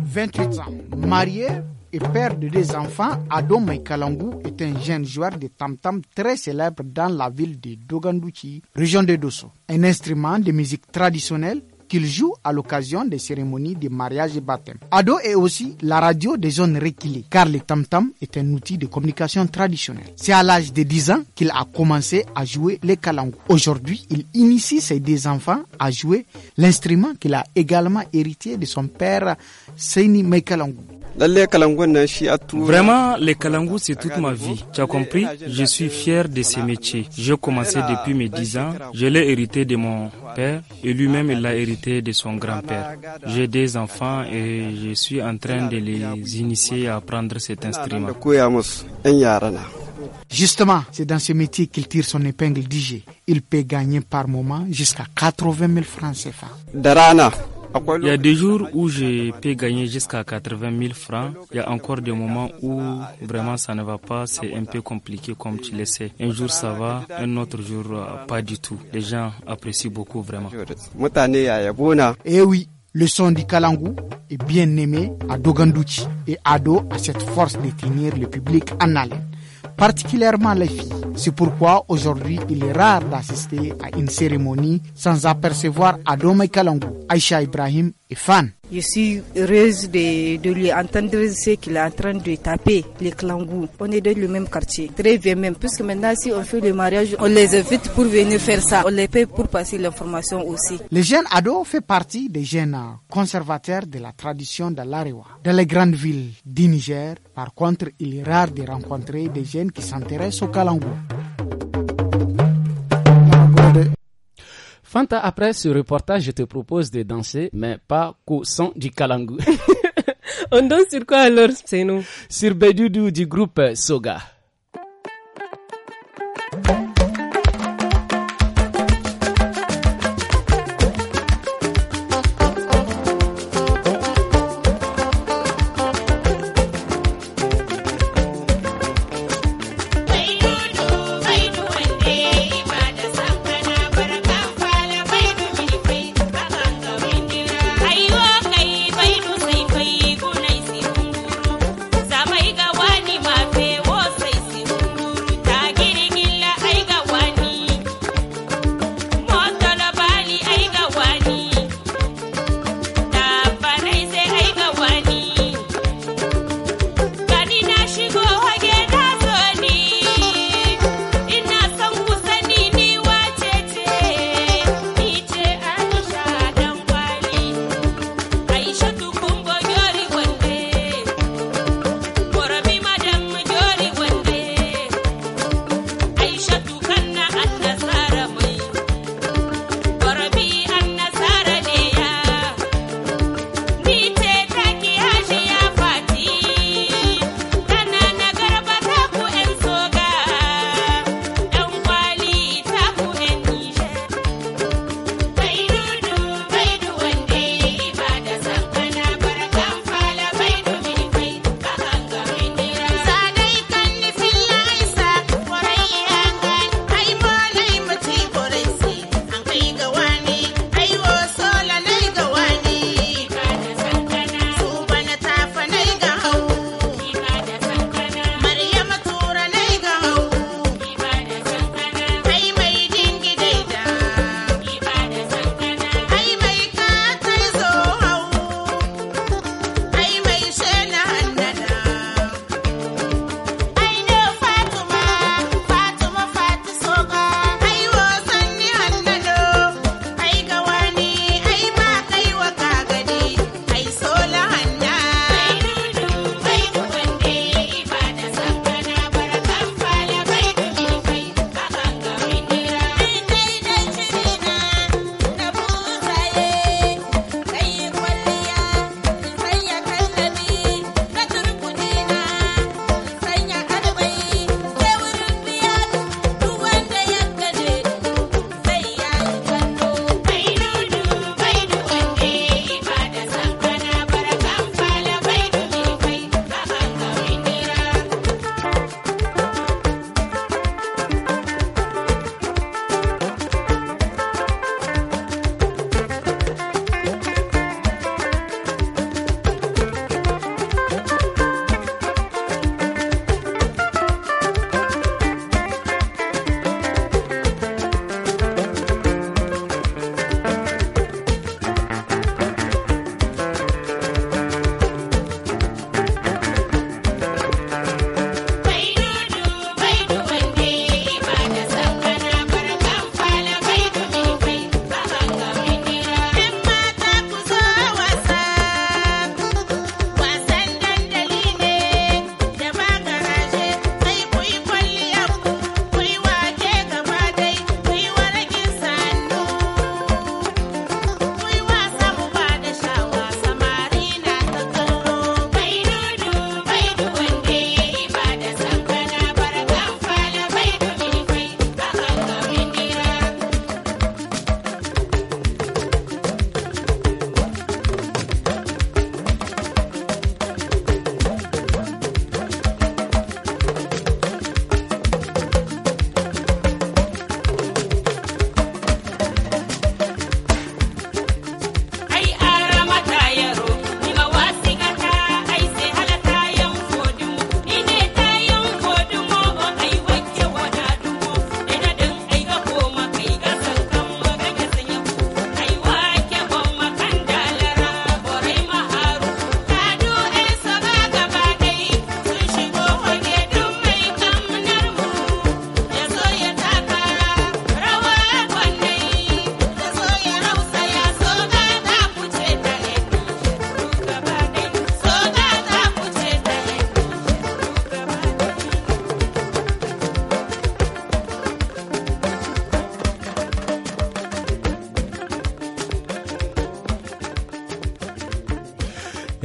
28 ans, marié et père de deux enfants, Ado Mekalangu est un jeune joueur de tam-tam très célèbre dans la ville de Dogandouchi, région de Dosso. Un instrument de musique traditionnelle qu'il joue à l'occasion des cérémonies de mariage et baptême. Ado est aussi la radio des zones reculées, car le tam-tam est un outil de communication traditionnel. C'est à l'âge de 10 ans qu'il a commencé à jouer les kalangu. Aujourd'hui, il initie ses deux enfants à jouer l'instrument qu'il a également hérité de son père Seini Mekalangou. Vraiment, les Kalangu, c'est toute ma vie. Tu as compris Je suis fier de ce métier. J'ai commencé depuis mes 10 ans. Je l'ai hérité de mon père et lui-même l'a hérité de son grand-père. J'ai des enfants et je suis en train de les initier à apprendre cet instrument. Justement, c'est dans ce métier qu'il tire son épingle d'IG. Il peut gagner par moment jusqu'à 80 000 francs CFA. Il y a des jours où je peux gagner jusqu'à 80 000 francs. Il y a encore des moments où vraiment ça ne va pas. C'est un peu compliqué comme tu le sais. Un jour ça va, un autre jour euh, pas du tout. Les gens apprécient beaucoup vraiment. Eh oui, le son du Kalangu est bien aimé à Doganduchi et Ado a cette force de tenir le public en haleine particulièrement les filles. C'est pourquoi aujourd'hui, il est rare d'assister à une cérémonie sans apercevoir Adome Kalongo Aisha Ibrahim je suis heureuse de, lui entendre ce qu'il est en train de taper, les clangous. On est dans le même quartier. Très bien même, puisque maintenant si on fait le mariage, on les invite pour venir faire ça. On les paye pour passer l'information aussi. Les jeunes ados font partie des jeunes conservateurs de la tradition de l'Arewa. Dans les grandes villes du Niger, par contre, il est rare de rencontrer des jeunes qui s'intéressent au kalangu. Fanta, après ce reportage, je te propose de danser, mais pas qu'au son du kalangu. On danse sur quoi alors, c'est nous Sur Bédoudou du groupe Soga.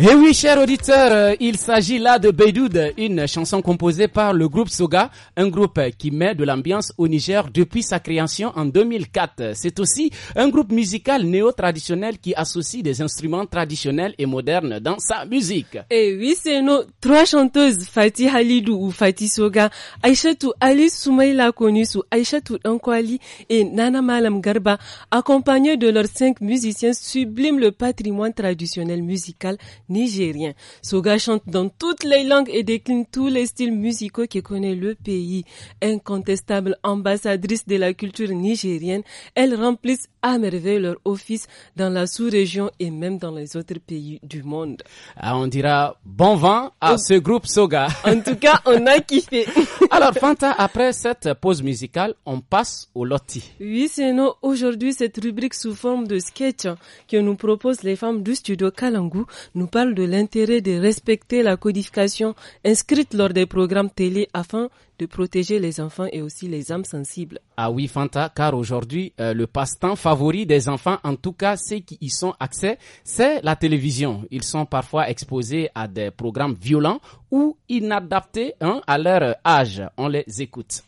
Eh oui, chers auditeurs, euh, il s'agit là de Beidoud, une chanson composée par le groupe Soga, un groupe qui met de l'ambiance au Niger depuis sa création en 2004. C'est aussi un groupe musical néo-traditionnel qui associe des instruments traditionnels et modernes dans sa musique. Eh oui, c'est nos trois chanteuses, Fatih Halidou ou Fatih Soga, Aïchatou Ali Soumaïla connue sous Aïchatou Nkwali et Nana Malam Garba, accompagnés de leurs cinq musiciens, subliment le patrimoine traditionnel musical nigérien. Soga chante dans toutes les langues et décline tous les styles musicaux que connaît le pays. Incontestable ambassadrice de la culture nigérienne, elle remplissent à merveille leur office dans la sous-région et même dans les autres pays du monde. Ah, on dira bon vent à oh. ce groupe Soga. En tout cas, on a kiffé. Alors, Fanta, après cette pause musicale, on passe au loti. Oui, c'est nous. Aujourd'hui, cette rubrique sous forme de sketch que nous proposent les femmes du studio Kalangu nous de l'intérêt de respecter la codification inscrite lors des programmes télé afin de protéger les enfants et aussi les âmes sensibles. Ah oui, Fanta, car aujourd'hui, euh, le passe-temps favori des enfants, en tout cas ceux qui y sont accès, c'est la télévision. Ils sont parfois exposés à des programmes violents ou inadaptés hein, à leur âge. On les écoute.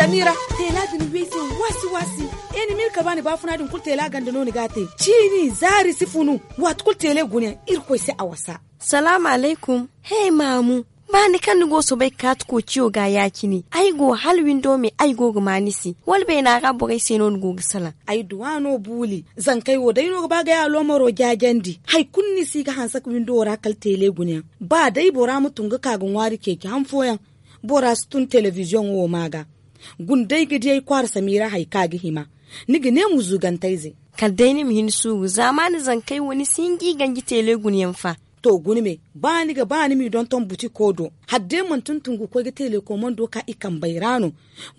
samira tela din wese wasi wasi eni mil ka ba funa din kul tela ganda noni gate chini zari sifunu wat kul tele gunya ir ko se awasa salamu alaikum hey mamu bani kan go so bai kat ko ciyo ga yakini ay go hal window me ay go ga manisi wal bai na ga bogai sai non go sala ay duwano buli zan kai wo dai no ba ga ya lomoro jajandi hai kunni si ga hansak window ra kal tele gunya ba dai bora mutun ga kagun wari keke han foyan bora stun television wo maga gundai yi kwara samira haika ma nigi ne mu zugantaize ka daini mu su zamani zan kai wani singi gangi tele yan fa to me ba ni ga ba ni mi don ton buti kodo hadde man tun tungu ko ga tele ko mon do ka ikan bayrano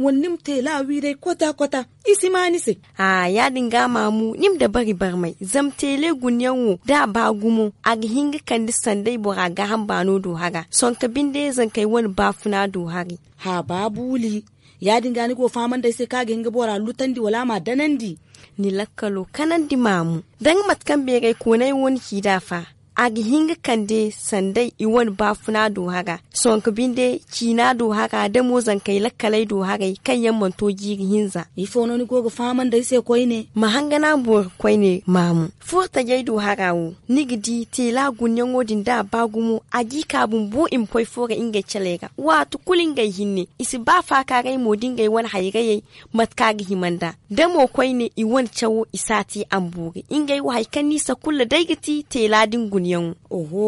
wannim tela wi dai kota kota isi ma ni se ha ya dinga mamu nim da bari bar mai zam tele gunyan wo da ba gumo a hinga kan di sandai bo ga han bano do haga son ka binde zan kai wani bafuna do hari ha babuli ya dinga ni ko faman dai sai kage inga bora lutandi wala ma danandi ni lakkalo kanandi mamu dan matkan be gai ko nayi won ki dafa agihinga kande sandai iwan bafuna do haga sonka binde china do haga da mozan kai lakkalai do haga kan yamman to jiri hinza ifo no ni gogo faman da sai koi ne mahanga na bo koi mamu furta jai do haga wu nigidi tela gunyan odin da bagumu agi kabun in poi inga chalega wa to kulinga hinne isi ba fa ka gai modin gai wan haigaye matka gi himanda da mo koi iwan chawo isati ambuge inga wa haikan nisa daigati tela din gunyan yan oho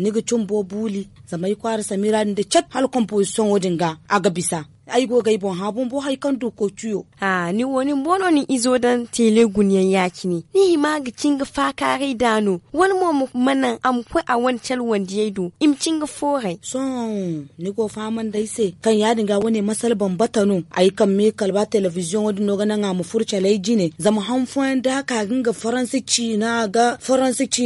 niga bobuli buli yi kwara samira da cat hal composition wajen ga aga bisa ai go gai bon habon bo hay kan doko tuyo ha ni woni bono ni izo dan tele guniyan yaki ni ni ma ga cinga fa kare dano wani mo mana am ko a wan chal wan diedo im cinga fore so ni go fa man dai se kan ya dinga wani masal ban batano ai kan me kalba television wadi no ganan am furcha lai jine zama han fuan da ka ginga faransi ci na ga faransi ci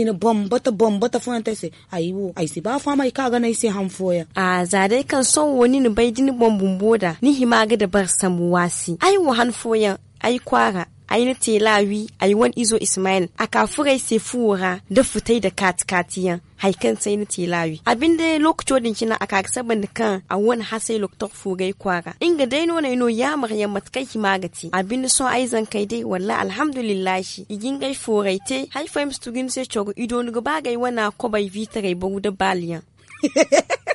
bata ban bata fuan ta se ai wo ai se ba fa mai ka ga na se han foya a dai kan son woni ni bai dini bombumbo da ni ga da bar samu wasi ai wa hanfoyan ai kwara na telawi wan izo ismail a kafurai sai fura da futai da katikatiyan haikan sai na telawi abin da lokacin kina a kaksa da kan a wani hasai lokacin fugai kwara ga dai nuna ino ya marya matkai himagati abin da son aizan kai dai walla alhamdulillah shi igin gai furai te haifai mstugin sai chogo ido nuga bagai wana kobai vitare bugu da baliyan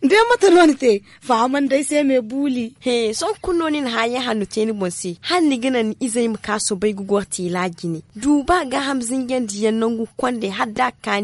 de mataloni te faman dai sai me buli he son kulloni ha ya hanu te ni bonsi han ni gina ni izai mu kaso bai gugu ti duba ga hamzin gen diyan nan gu kwande hadda a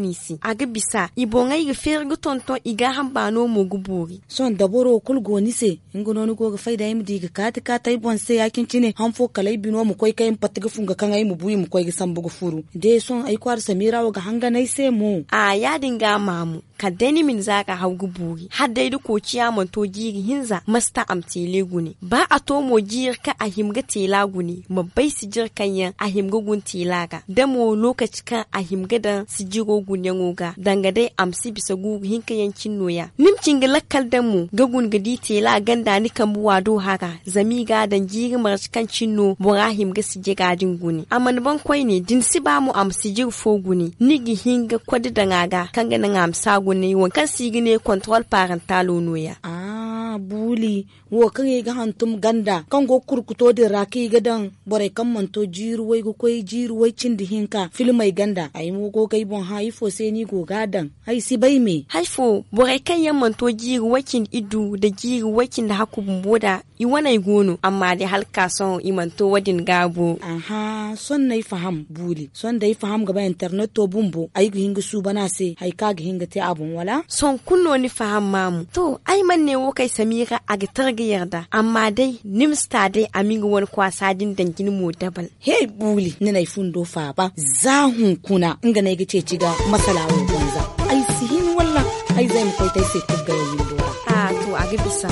aga bisa ibo ngai ga fer gu tonto iga ba bano mu guburi son daboro kul ni se ingono ni go ga faida im diga kata kata ibon se yakin cine han fo kalai bino mu koi kai patigi funga kan ai mu buyi mu koi ga sambu furu de son ai kwar samira wa ga hanga nai se mu a ya dinga mamu ka deni min zaka hau buri har dai duk ciya man to jiri hinza masta am tele guni. ba a to mo jiri ka a himga tela guni. ma bai si jir kan a himga gun tela ga da mo lokaci kan a himga dan si jiro gun yan oga danga dai am si bisa gugu ka yan cinno ya nimcin ga lakkal da mu ga gun gadi tela ganda ni kan buwa do haka zami ga dan jiri mar kan mo ga himga si jiga din gune amma ban kwai ne din si ba mu am si jir fo gune gi hinga kwadi da ga kan ga na am sa gune wankan sigine control parental noya ah buli wo kan ga hantum ganda kan go kurkuto da raki gadan bore kan manto jiru wai go koi jiru wai cin hinka filmai ganda ai mu go kai bon haifo sai ni go gadan ai si bai me haifo bore kan yan manto jiru wakin idu da jiru wakin da haku boda i wanai gono amma da halka son i manto wadin gabo aha son nai faham buli son dai faham gaba internet to bumbo ai go hinga su bana se hai ka ga hinga te abu abun wala son kunno ni fahammamu to ai man ne wo kai samira a ga targa yarda amma dai nimsta dai a min wani kwasa din dangin mu dabal he buli ni nai do fa ba zahun kuna inga nai ce ciga masalawo banza ai sihin walla ai zai mu kai tai sai ga yin do. a to a ga bisa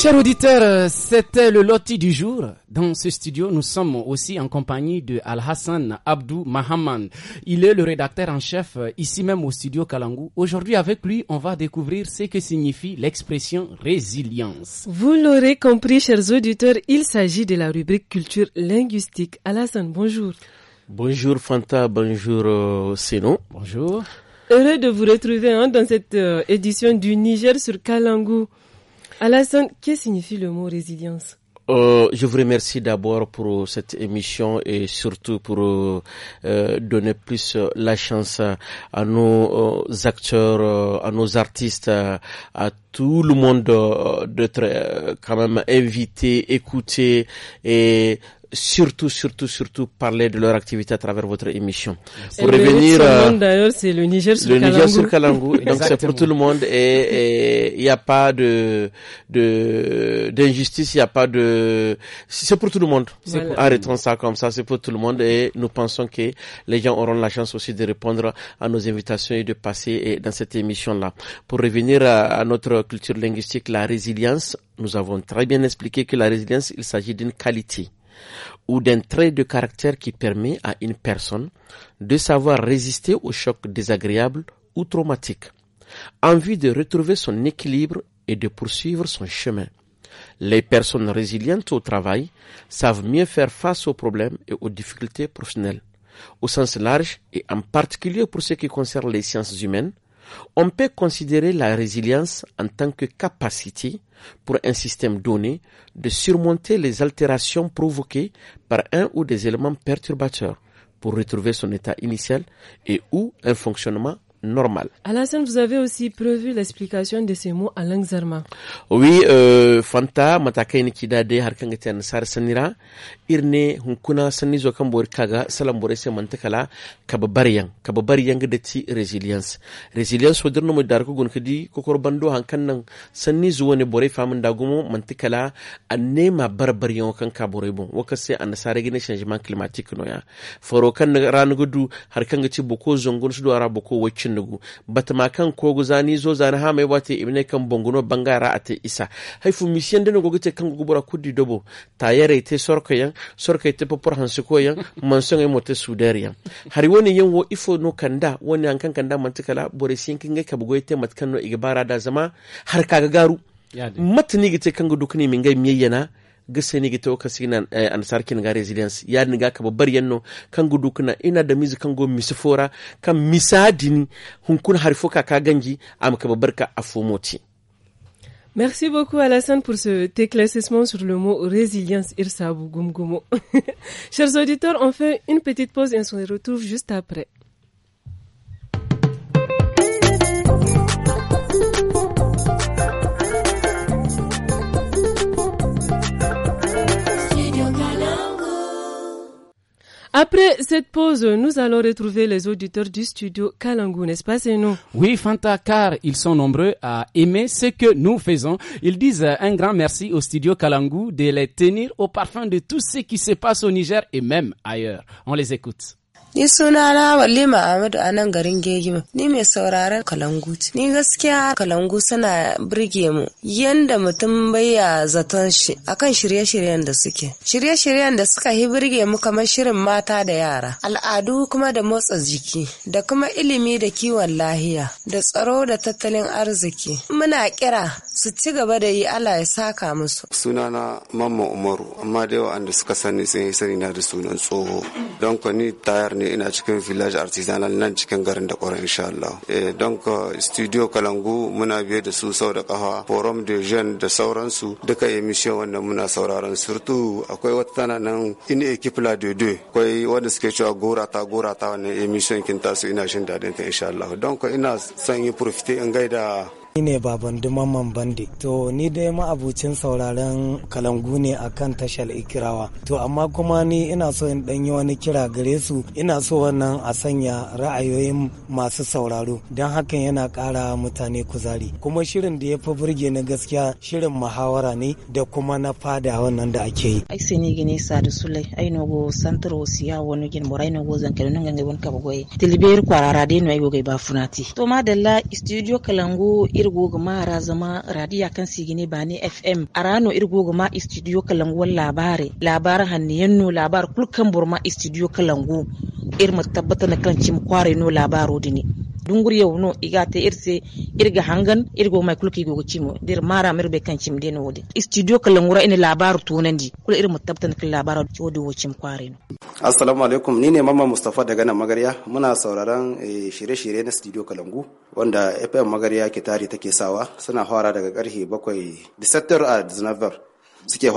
Chers auditeurs, euh, c'était le loti du jour. Dans ce studio, nous sommes aussi en compagnie de Al-Hassan Abdou Mahaman. Il est le rédacteur en chef euh, ici même au studio Kalangu. Aujourd'hui, avec lui, on va découvrir ce que signifie l'expression résilience. Vous l'aurez compris, chers auditeurs, il s'agit de la rubrique culture linguistique. Al-Hassan, bonjour. Bonjour Fanta, bonjour euh, Sénon. Bonjour. Heureux de vous retrouver hein, dans cette édition du Niger sur Kalangu. Alassane, que signifie le mot résilience euh, je vous remercie d'abord pour euh, cette émission et surtout pour euh, donner plus la chance à nos acteurs, à nos artistes, à, tout le monde d'être quand même invité, écouté et surtout, surtout, surtout parler de leur activité à travers votre émission. Pour revenir, euh, c'est le Niger sur le Niger sur Kalangu. donc c'est pour tout le monde et il n'y a pas de d'injustice, il n'y a pas de. C'est pour tout le monde. arrêtons ça comme ça, c'est pour tout le monde et nous pensons que les gens auront la chance aussi de répondre à nos invitations et de passer dans cette émission là. Pour revenir à notre culture linguistique, la résilience. Nous avons très bien expliqué que la résilience, il s'agit d'une qualité ou d'un trait de caractère qui permet à une personne de savoir résister aux chocs désagréables ou traumatiques, en vue de retrouver son équilibre et de poursuivre son chemin. Les personnes résilientes au travail savent mieux faire face aux problèmes et aux difficultés professionnelles, au sens large et en particulier pour ce qui concerne les sciences humaines, on peut considérer la résilience en tant que capacité pour un système donné de surmonter les altérations provoquées par un ou des éléments perturbateurs pour retrouver son état initial et ou un fonctionnement Normal. Alassane, vous avez aussi prévu l'explication de ces mots en langue zarma. Oui, euh, fanta matakaini kidade harkangeten sar sanira irne hunkuna sanizo kambor kaga salambore se mantakala kababariyan de ti resilience resilience wadir no dar ko gon kadi kokor bando hankan sanizo woni bore famin dagumo mantakala Anema ma barbariyan kan kabore bon wakase an sare gine changement climatique Noya. Forokan, foro harkangeti boko zongon nugu batma kan kogu zani zo zani hama wata ibne kan bonguno bangara ate isa haifu misiyan dana gogo te kan gubura kudi dobo ta yare te sorka yan sorka te popor hansi ko yan manson emo te sudar yan hari wani yan wo ifo no kanda wani an kan kanda mantikala bore sinkin ga kabugo te matkan no igbara da zama har kaga garu matni gite kan gudu kini min miyayyana gisani gito kasinan eh, ansar kin ga resilience ya niga kaba babbar yanno kan gudu kuna ina da mizi kan go misifora kan misadini kun harfuka ka ganji am ka babbar ka afomoti Merci beaucoup Alassane pour ce déclassement sur le mot résilience Irsabu Gumgumo. Chers auditeurs, on fait une petite pause et on se retrouve juste après. Après cette pause, nous allons retrouver les auditeurs du studio Kalangu, n'est-ce pas, c'est nous Oui, Fanta, car ils sont nombreux à aimer ce que nous faisons. Ils disent un grand merci au studio Kalangu de les tenir au parfum de tout ce qui se passe au Niger et même ailleurs. On les écoute. Ni suna na Walima Ahmadu a nan garin gegima Ni mai sauraron Kalangu. Ni gaskiya Kalangu suna birge mu yanda mutum baya zaton shi akan shirye-shiryen da suke. Shirye-shiryen da suka yi burge mu kamar shirin mata da yara, al'adu kuma da motsa jiki, da kuma ilimi da kiwon lahiya, da tsaro da tattalin arziki. Muna kira su ci gaba da yi Allah ya saka musu. Sunana Mamman Umaru, amma da yawa suka sani sun yi sani na da sunan tsoho. Don kwani tayar ne ina cikin village artisanal nan cikin garin da kwarar insha Allah. Eh, don studio Kalangu muna biye da su sau da kafa forum de jeune da sauransu duka emission wannan muna sauraron surtu akwai wata tana nan in ekip la de deux akwai wanda suke cewa gora ta gora ta wannan emission kin tasu ina shin dadin ta insha Allah. Don ina son yi profite in gaida Ni ne baban Dumaman Bande. To ni dai ma'abucin sauraren kalangu ne a kan tashar Ikirawa. To amma kuma ni ina so in dan yi wani kira gare su ina so wannan a sanya ra'ayoyin masu sauraro don hakan yana kara mutane kuzari. Kuma shirin da ya fi burge na gaskiya shirin muhawara ne da kuma na fada wannan da ake yi. Ai sai ni gine sa da sulai ai no go santar siya wani gin murai no go zankare nan gangai wani kaba kwarara dai no ai go ba funati. To madalla studio kalangu irin irgogo ma razama radiya kan sigine ba ne fm a irgogo ma studio kalanguwan labare labar hanniyanno labar kulkan burma istudiyo kalangu irma tabbata na kan cim kware no labaro dini dunguri yau no iga te irse irga hangan irgo mai kulki go cimo der mara mer be kan cim de studio kala ngura ina labaru tunandi kula irin mutabtan kala labaru wodi wo cim kware no assalamu alaikum ni ne mama mustafa daga nan magarya muna sauraron eh, shirye-shirye na studio kalangu wanda fm magarya ke tare take sawa suna fara daga karfe bakwai da sattar a 19 Eh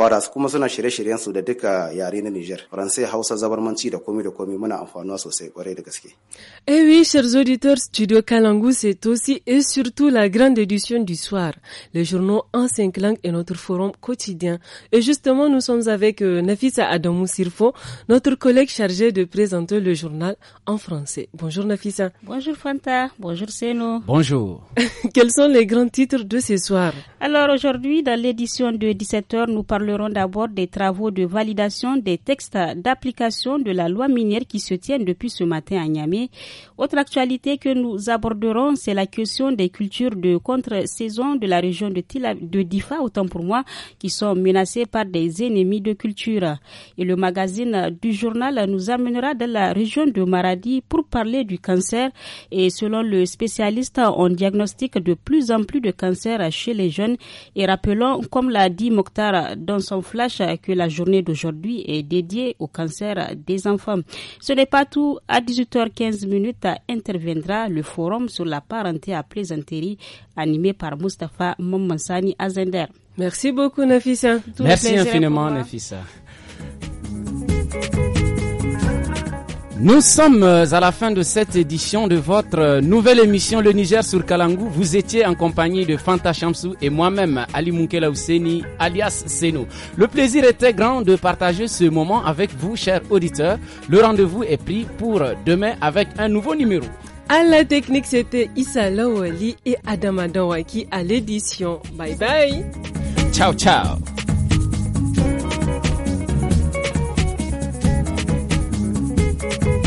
oui chers auditeurs Studio Kalangu c'est aussi et surtout la grande édition du soir les journaux en cinq langues et notre forum quotidien et justement nous sommes avec euh, Nafisa Adamou Sirfo notre collègue chargé de présenter le journal en français Bonjour Nafisa Bonjour Fanta bonjour Seno Bonjour Quels sont les grands titres de ce soir Alors aujourd'hui dans l'édition de 17h nous parlerons d'abord des travaux de validation des textes d'application de la loi minière qui se tiennent depuis ce matin à Niamey. Autre actualité que nous aborderons, c'est la question des cultures de contre-saison de la région de, Tila, de Difa, autant pour moi, qui sont menacées par des ennemis de culture. Et le magazine du journal nous amènera dans la région de Maradi pour parler du cancer. Et selon le spécialiste, on diagnostique de plus en plus de cancers chez les jeunes. Et rappelons, comme l'a dit Mokhtar dans son flash que la journée d'aujourd'hui est dédiée au cancer des enfants. Ce n'est pas tout. À 18h15 minutes interviendra le forum sur la parenté à plaisanterie animé par Mustapha Momansani Azender. Merci beaucoup Nafissa. Merci infiniment Nafissa. Nous sommes euh, à la fin de cette édition de votre euh, nouvelle émission Le Niger sur Kalangou. Vous étiez en compagnie de Fanta Chamsou et moi-même, Ali Moukela Ouseni, alias Seno. Le plaisir était grand de partager ce moment avec vous, chers auditeurs. Le rendez-vous est pris pour demain avec un nouveau numéro. À la technique, c'était Issa Lawali et Adam Adawaki à l'édition. Bye bye. Ciao, ciao. Thank you.